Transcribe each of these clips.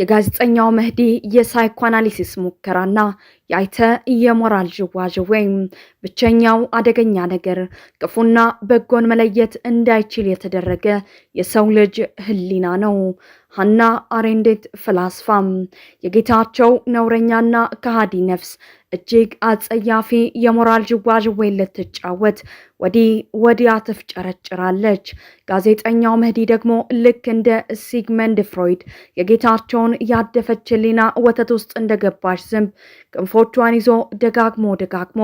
የጋዜጠኛው መህዲ የሳይኮአናሊሲስ ሙከራና የአይተ የሞራል ወይም ብቸኛው አደገኛ ነገር ክፉና በጎን መለየት እንዳይችል የተደረገ የሰው ልጅ ህሊና ነው። ሀና አሬንዴት ፍላስፋም የጌታቸው ነውረኛና ከሃዲ ነፍስ እጅግ አጸያፊ የሞራል ዥዋዥዌ ልትጫወት ወዲህ ወዲያ ትፍጨረጭራለች። ጋዜጠኛው መህዲ ደግሞ ልክ እንደ ሲግመንድ ፍሮይድ የጌታቸውን ያደፈች ሊና ወተት ውስጥ እንደገባች ዝንብ ክንፎቿን ይዞ ደጋግሞ ደጋግሞ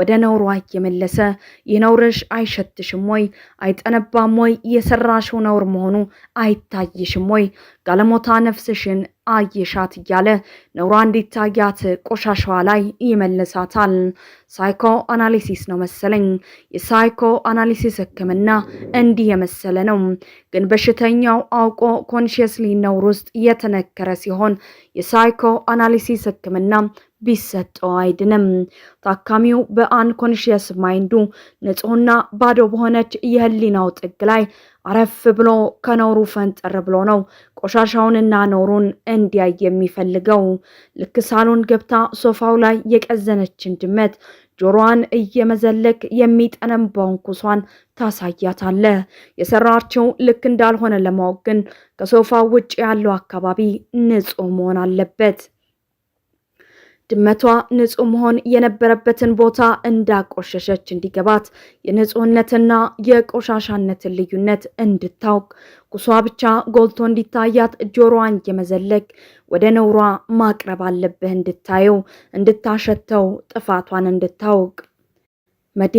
ወደ ነውሯ እየመለሰ ይህ ነውርሽ አይሸትሽም ወይ? አይጠነባም ወይ? የሰራሽው ነውር መሆኑ አይታይሽም ወይ? ጋለሞታ ነፍስሽን አየሻት እያለ ነውሯ እንዲታያት ቆሻሻዋ ላይ ይመልሳታል። ሳይኮ አናሊሲስ ነው መሰለኝ። የሳይኮ አናሊሲስ ሕክምና እንዲህ የመሰለ ነው። ግን በሽተኛው አውቆ ኮንሽየስሊ ነውር ውስጥ የተነከረ ሲሆን የሳይኮ አናሊሲስ ሕክምና ቢሰጠው አይድንም። ታካሚው በአንኮንሽየስ ማይንዱ ንጹህና ባዶ በሆነች የህሊናው ጥግ ላይ አረፍ ብሎ ከኖሩ ፈንጠር ብሎ ነው ቆሻሻውንና ኖሩን እንዲያይ የሚፈልገው። ልክ ሳሎን ገብታ ሶፋው ላይ የቀዘነችን ድመት ጆሮዋን እየመዘለክ የሚጠነም በንኩሷን ታሳያታለ። የሰራችው ልክ እንዳልሆነ ለማወቅ ግን ከሶፋው ውጭ ያለው አካባቢ ንጹህ መሆን አለበት። ድመቷ ንጹህ መሆን የነበረበትን ቦታ እንዳቆሸሸች እንዲገባት የንጹህነትና የቆሻሻነትን ልዩነት እንድታውቅ ቁሷ ብቻ ጎልቶ እንዲታያት ጆሮዋን እየመዘለግ ወደ ነውሯ ማቅረብ አለብህ፣ እንድታየው፣ እንድታሸተው፣ ጥፋቷን እንድታውቅ መዲ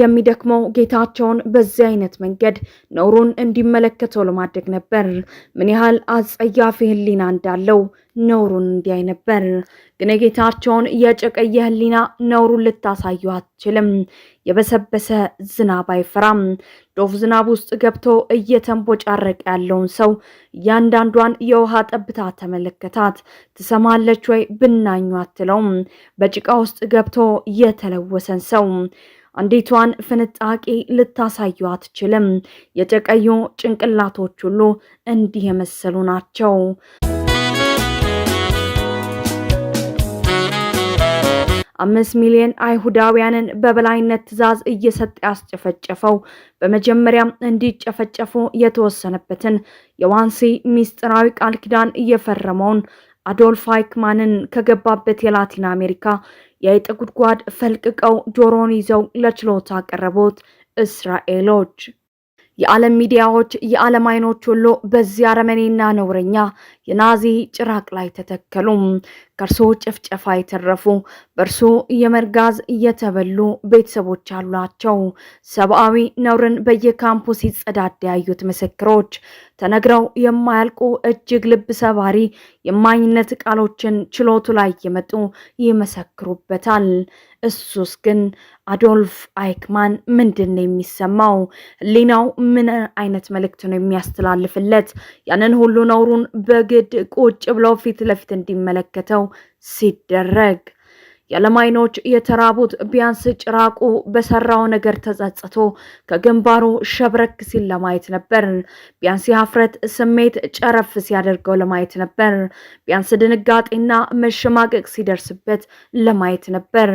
የሚደክመው ጌታቸውን በዚህ አይነት መንገድ ነውሩን እንዲመለከተው ለማድረግ ነበር። ምን ያህል አጸያፊ ህሊና እንዳለው ነውሩን እንዲያይ ነበር። ግን የጌታቸውን የጨቀየ ህሊና ነውሩን ልታሳዩ አትችልም። የበሰበሰ ዝናብ አይፈራም። ዶፍ ዝናብ ውስጥ ገብቶ እየተንቦጫረቀ ያለውን ሰው እያንዳንዷን የውሃ ጠብታ ተመለከታት። ትሰማለች ወይ ብናኙ አትለውም። በጭቃ ውስጥ ገብቶ የተለወሰን ሰው አንዲቷን ፍንጣቂ ልታሳዩ አትችልም። የጨቀዩ ጭንቅላቶች ሁሉ እንዲህ የመሰሉ ናቸው። አምስት ሚሊዮን አይሁዳውያንን በበላይነት ትእዛዝ እየሰጠ ያስጨፈጨፈው በመጀመሪያም እንዲጨፈጨፉ የተወሰነበትን የዋንሲ ሚስጥራዊ ቃል ኪዳን እየፈረመውን አዶልፍ አይክማንን ከገባበት የላቲን አሜሪካ የአይጥ ጉድጓድ ፈልቅቀው ጆሮን ይዘው ለችሎት አቀረቡት። እስራኤሎች የዓለም ሚዲያዎች፣ የዓለም አይኖች ሁሉ በዚህ አረመኔና ነውረኛ የናዚ ጭራቅ ላይ ተተከሉ። ከእርሱ ጭፍጨፋ የተረፉ በእርሱ የመርጋዝ እየተበሉ ቤተሰቦች አሏቸው። ሰብአዊ ነውርን በየካምፑ ሲጸዳዳ ያዩት ምስክሮች ተነግረው የማያልቁ እጅግ ልብ ሰባሪ የማኝነት ቃሎችን ችሎቱ ላይ እየመጡ ይመሰክሩበታል። እሱስ ግን አዶልፍ አይክማን ምንድን ነው የሚሰማው? ህሊናው ምን አይነት መልእክት ነው የሚያስተላልፍለት? ያንን ሁሉ ነውሩን በግ በግድ ቁጭ ብሎ ፊት ለፊት እንዲመለከተው ሲደረግ የዓለም አይኖች የተራቡት ቢያንስ ጭራቁ በሰራው ነገር ተጸጽቶ ከግንባሩ ሸብረክ ሲል ለማየት ነበር። ቢያንስ የሀፍረት ስሜት ጨረፍ ሲያደርገው ለማየት ነበር። ቢያንስ ድንጋጤና መሸማቀቅ ሲደርስበት ለማየት ነበር።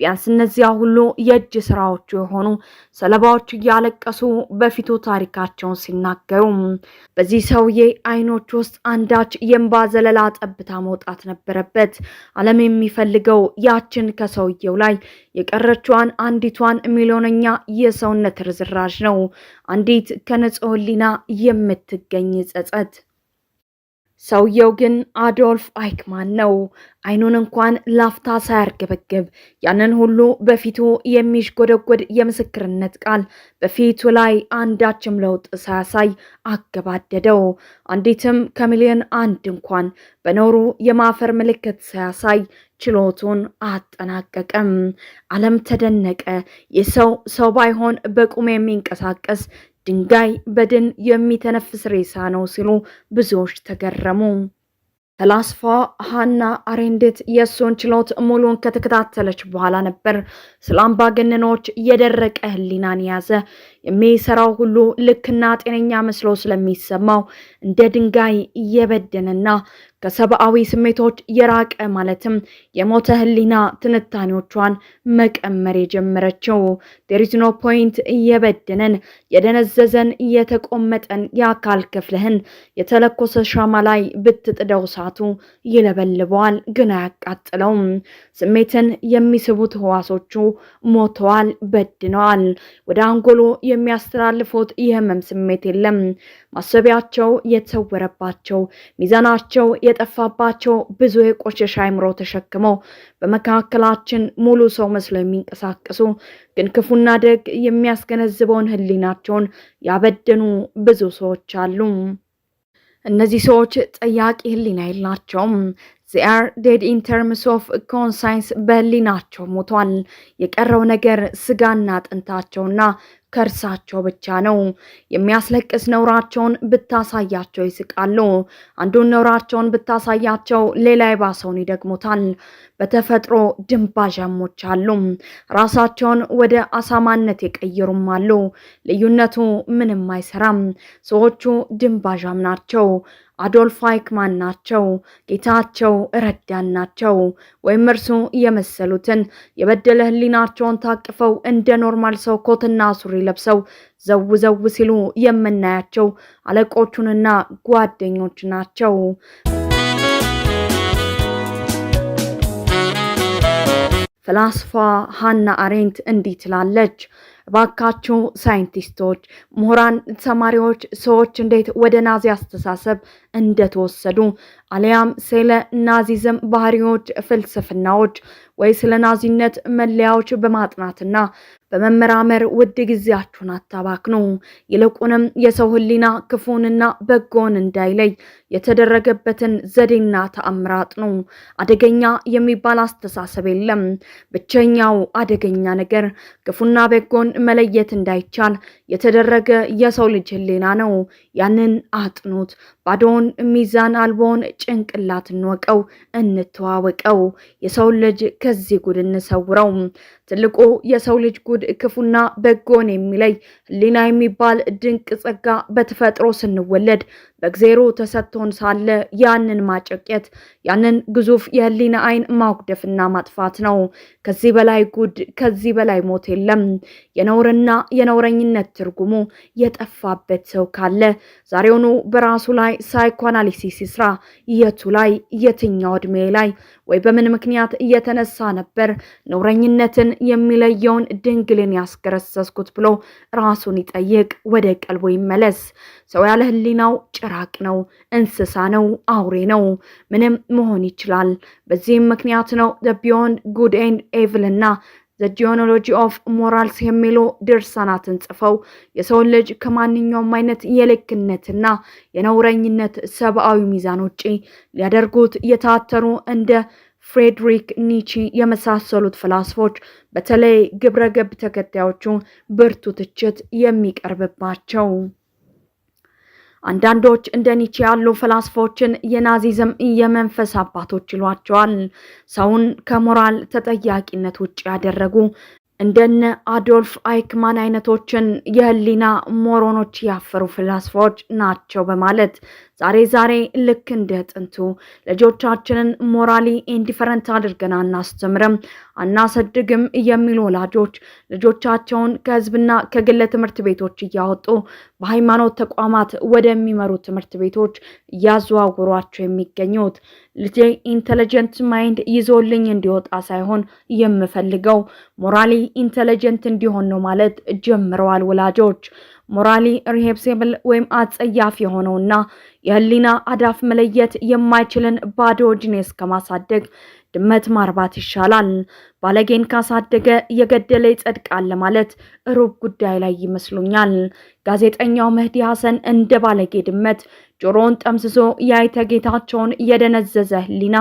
ቢያንስ እነዚያ ሁሉ የእጅ ስራዎቹ የሆኑ ሰለባዎቹ እያለቀሱ በፊቱ ታሪካቸውን ሲናገሩ በዚህ ሰውዬ አይኖች ውስጥ አንዳች የእንባ ዘለላ ጠብታ መውጣት ነበረበት። ዓለም የሚፈልገው ያ እጃችን ከሰውየው ላይ የቀረችዋን አንዲቷን ሚሊዮነኛ የሰውነት ርዝራዥ ነው። አንዲት ከንጹህ ሕሊና የምትገኝ ጸጸት ሰውየው ግን አዶልፍ አይክማን ነው። አይኑን እንኳን ላፍታ ሳያርገበግብ ያንን ሁሉ በፊቱ የሚሽጎደጎድ የምስክርነት ቃል በፊቱ ላይ አንዳችም ለውጥ ሳያሳይ አገባደደው። አንዲትም ከሚሊዮን አንድ እንኳን በኖሩ የማፈር ምልክት ሳያሳይ ችሎቱን አጠናቀቀም። ዓለም ተደነቀ። የሰው ሰው ባይሆን በቁም የሚንቀሳቀስ ድንጋይ በድን የሚተነፍስ ሬሳ ነው ሲሉ ብዙዎች ተገረሙ። ፈላስፋ ሀና አሬንዴት የእሱን ችሎት ሙሉን ከተከታተለች በኋላ ነበር ስለ አምባገነኖች የደረቀ ህሊናን የያዘ የሚሰራው ሁሉ ልክና ጤነኛ መስሎ ስለሚሰማው እንደ ድንጋይ የበደነና ከሰብአዊ ስሜቶች የራቀ ማለትም የሞተ ህሊና ትንታኔዎቿን መቀመር የጀመረችው ዴሪዝኖ ፖይንት እየበደነን የደነዘዘን እየተቆመጠን የአካል ክፍልህን የተለኮሰ ሻማ ላይ ብትጥደው እሳቱ ይለበልበዋል፣ ግን አያቃጥለውም። ስሜትን የሚስቡት ህዋሶቹ ሞተዋል፣ በድነዋል። ወደ አንጎሎ የሚያስተላልፉት የህመም ስሜት የለም። ማሰቢያቸው የተሰወረባቸው ሚዛናቸው የጠፋባቸው ብዙ የቆሸሸ አእምሮ ተሸክመው በመካከላችን ሙሉ ሰው መስለው የሚንቀሳቀሱ ግን ክፉና ደግ የሚያስገነዝበውን ህሊናቸውን ያበደኑ ብዙ ሰዎች አሉ። እነዚህ ሰዎች ጠያቂ ህሊና የላቸውም። ዚአር ዴድ ኢን ኦፍ ኮንሳይንስ በህሊናቸው ሞቷል። የቀረው ነገር ስጋና አጥንታቸውና ከእርሳቸው ብቻ ነው። የሚያስለቅስ ነውራቸውን ብታሳያቸው ይስቃሉ። አንዱን ነውራቸውን ብታሳያቸው ሌላ የባሰውን ይደግሙታል። በተፈጥሮ ድንባዣሞች አሉ። ራሳቸውን ወደ አሳማነት የቀየሩም አሉ። ልዩነቱ ምንም አይሰራም። ሰዎቹ ድንባዣም ናቸው። አዶልፍ አይክማን ናቸው። ጌታቸው ረዳን ናቸው ወይም እርሱ የመሰሉትን የበደለ ህሊናቸውን ታቅፈው እንደ ኖርማል ሰው ኮትና ሱሪ ለብሰው ዘው ዘው ሲሉ የምናያቸው አለቆቹንና ጓደኞች ናቸው። ፍላስፋ ሃና አሬንት እንዲህ ትላለች። እባካችሁ ሳይንቲስቶች፣ ምሁራን፣ ተማሪዎች፣ ሰዎች እንዴት ወደ ናዚ አስተሳሰብ እንደተወሰዱ አሊያም ስለ ናዚዝም ባህሪዎች፣ ፍልስፍናዎች ወይ ስለ ናዚነት መለያዎች በማጥናትና በመመራመር ውድ ጊዜያችሁን አታባክኑ። ይልቁንም የሰው ሕሊና ክፉንና በጎን እንዳይለይ የተደረገበትን ዘዴና ተአምራጥ ነው። አደገኛ የሚባል አስተሳሰብ የለም። ብቸኛው አደገኛ ነገር ክፉና በጎን መለየት እንዳይቻል የተደረገ የሰው ልጅ ሕሊና ነው። ያንን አጥኑት። ባዶውን ሚዛን አልቦን ጭንቅላት እንወቀው፣ እንተዋወቀው። የሰውን ልጅ ከዚህ ጉድ እንሰውረው። ትልቁ የሰው ልጅ ጉድ ክፉና በጎን የሚለይ ህሊና የሚባል ድንቅ ጸጋ በተፈጥሮ ስንወለድ በእግዜሮ ተሰጥቶን ሳለ ያንን ማጨቄት ያንን ግዙፍ የህሊና አይን ማጉደፍና ማጥፋት ነው። ከዚህ በላይ ጉድ፣ ከዚህ በላይ ሞት የለም። የነውርና የነውረኝነት ትርጉሙ የጠፋበት ሰው ካለ ዛሬውኑ በራሱ ላይ ሳይኮአናሊሲስ ይስራ። የቱ ላይ የትኛው እድሜ ላይ ወይ በምን ምክንያት እየተነሳ ነበር ነውረኝነትን የሚለየውን ድንግልን ያስገረሰስኩት ብሎ ራሱን ይጠይቅ፣ ወደ ቀልቦ ይመለስ። ሰው ያለ ህሊናው ቅራቅ ነው፣ እንስሳ ነው፣ አውሬ ነው፣ ምንም መሆን ይችላል። በዚህም ምክንያት ነው ዘ ቢዮንድ ጉድ ኤንድ ኤቪል እና ዘ ጂኦኖሎጂ ኦፍ ሞራልስ የሚሉ ድርሳናትን ጽፈው የሰውን ልጅ ከማንኛውም አይነት የልክነትና የነውረኝነት ሰብአዊ ሚዛን ውጪ ሊያደርጉት የታተሩ እንደ ፍሬድሪክ ኒቺ የመሳሰሉት ፍላስፎች በተለይ ግብረገብ ተከታዮቹ ብርቱ ትችት የሚቀርብባቸው አንዳንዶች እንደ ኒቼ ያሉ ፈላስፎችን የናዚዝም የመንፈስ አባቶች ይሏቸዋል። ሰውን ከሞራል ተጠያቂነት ውጭ ያደረጉ እንደነ አዶልፍ አይክማን አይነቶችን የህሊና ሞሮኖች ያፈሩ ፍላስፋዎች ናቸው በማለት ዛሬ ዛሬ ልክ እንደ ጥንቱ ልጆቻችንን ሞራሊ ኢንዲፈረንት አድርገን አናስተምርም፣ አናሰድግም የሚሉ ወላጆች ልጆቻቸውን ከህዝብና ከግለ ትምህርት ቤቶች እያወጡ በሃይማኖት ተቋማት ወደሚመሩ ትምህርት ቤቶች እያዘዋውሯቸው የሚገኙት ልጄ ኢንተለጀንት ማይንድ ይዞልኝ እንዲወጣ ሳይሆን የምፈልገው ሞራሊ ኢንተለጀንት እንዲሆን ነው ማለት ጀምረዋል ወላጆች። ሞራሊ ሪሄብሴብል ወይም አጸያፍ የሆነውና የህሊና አዳፍ መለየት የማይችልን ባዶ ጂኔስ ከማሳደግ ድመት ማርባት ይሻላል። ባለጌን ካሳደገ እየገደለ ይጸድቃል ለማለት ሩብ ጉዳይ ላይ ይመስሉኛል። ጋዜጠኛው መህዲ ሐሰን እንደ ባለጌ ድመት ጆሮውን ጠምስሶ የአይተ ጌታቸውን እየደነዘዘ ህሊና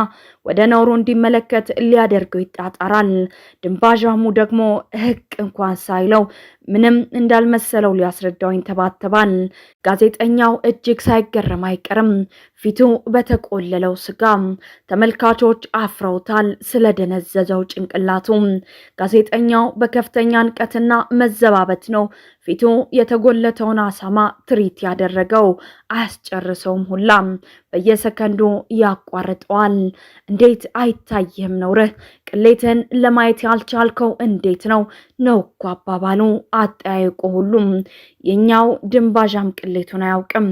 ወደ ነውሩ እንዲመለከት ሊያደርገው ይጣጣራል። ድንባዣሙ ደግሞ ህቅ እንኳን ሳይለው ምንም እንዳልመሰለው ሊያስረዳው ይንተባተባል። ጋዜጠኛው እጅግ ሳይገረም አይቀርም፣ ፊቱ በተቆለለው ስጋ ተመልካቾች አፍረው ብሎታል ስለደነዘዘው ጭንቅላቱ። ጋዜጠኛው በከፍተኛ ንቀትና መዘባበት ነው ፊቱ የተጎለተውን አሳማ ትሪት ያደረገው። አያስጨርሰውም ሁላ በየሰከንዱ ያቋርጠዋል። እንዴት አይታይህም ነውርህ? ቅሌትን ለማየት ያልቻልከው እንዴት ነው? ነው እኮ አባባሉ አጠያይቆ ሁሉም የኛው ድንባዣም ቅሌቱን አያውቅም።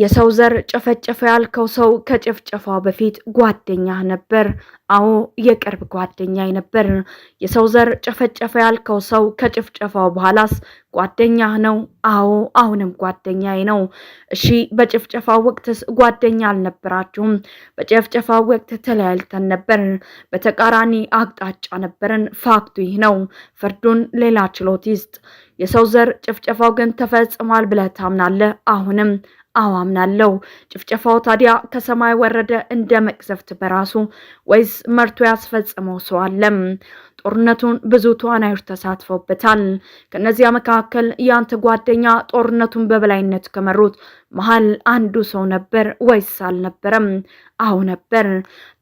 የሰው ዘር ጨፈጨፈ ያልከው ሰው ከጭፍጨፋው በፊት ጓደኛ ነበር። አዎ የቅርብ ጓደኛ ነበር። የሰው ዘር ጨፈጨፈ ያልከው ሰው ከጭፍጨፋው በኋላስ ጓደኛህ ነው? አዎ አሁንም ጓደኛዬ ነው። እሺ በጭፍጨፋው ወቅትስ ጓደኛ አልነበራችሁም? በጭፍጨፋው ወቅት ተለያይተን ነበር። በተቃራኒ አቅጣጫ ነበርን። ፋክቱ ይህ ነው። ፍርዱን ሌላ ችሎት ይስጥ። የሰው ዘር ጭፍጨፋው ግን ተፈጽሟል ብለህ ታምናለህ? አሁንም አዎ አምናለሁ። ጭፍጨፋው ታዲያ ከሰማይ ወረደ እንደ መቅሰፍት በራሱ ወይስ መርቶ ያስፈጽመው ሰው አለም? ጦርነቱን ብዙ ተዋናዮች ተሳትፈውበታል። ከእነዚያ መካከል ያንተ ጓደኛ ጦርነቱን በበላይነት ከመሩት መሀል አንዱ ሰው ነበር ወይስ አልነበረም? አዎ ነበር።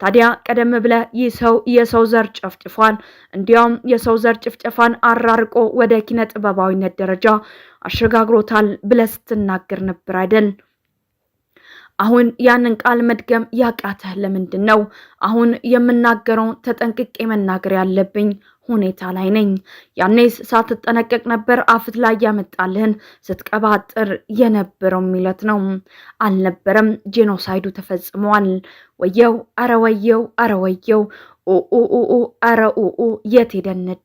ታዲያ ቀደም ብለ ይህ ሰው የሰው ዘር ጨፍጭፏል። እንዲያውም የሰው ዘር ጭፍጨፋን አራርቆ ወደ ኪነ ጥበባዊነት ደረጃ አሸጋግሮታል ብለ ስትናገር ነበር አይደል? አሁን ያንን ቃል መድገም ያቃተህ ለምንድን ነው? አሁን የምናገረውን ተጠንቅቄ መናገር ያለብኝ ሁኔታ ላይ ነኝ። ያኔስ ሳትጠነቀቅ ነበር አፍት ላይ ያመጣልህን ስትቀባጥር የነበረው ሚለት ነው። አልነበረም። ጄኖሳይዱ ተፈጽሟል። ወየው፣ አረ ወየው፣ አረ ወየው ኡኡኡ አረ ኡኡ የት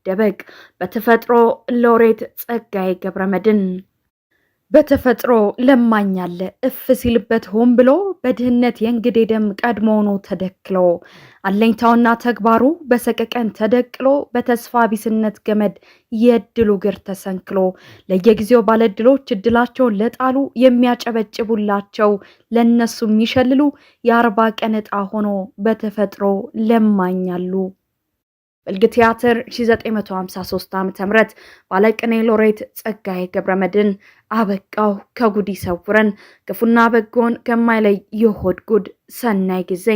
ደበቅ በተፈጥሮ ሎሬት ጸጋዬ መድን! በተፈጥሮ ለማኛለ እፍ ሲልበት ሆን ብሎ በድህነት የእንግዴ ደም ቀድሞውኑ ተደክሎ አለኝታውና ተግባሩ በሰቀቀን ተደቅሎ በተስፋ ቢስነት ገመድ የእድሉ ግር ተሰንክሎ ለየጊዜው ባለድሎች እድላቸውን ለጣሉ የሚያጨበጭቡላቸው ለእነሱ የሚሸልሉ የአርባ ቀን ዕጣ ሆኖ በተፈጥሮ ለማኛሉ። በልግ ቲያትር 1953 ዓ ም ባለቅኔ ሎሬት ጸጋዬ ገብረመድህን አበቃው ከጉድ ይሰውረን፣ ክፉና በጎን ከማይለይ የሆድ ጉድ ሰናይ ጊዜ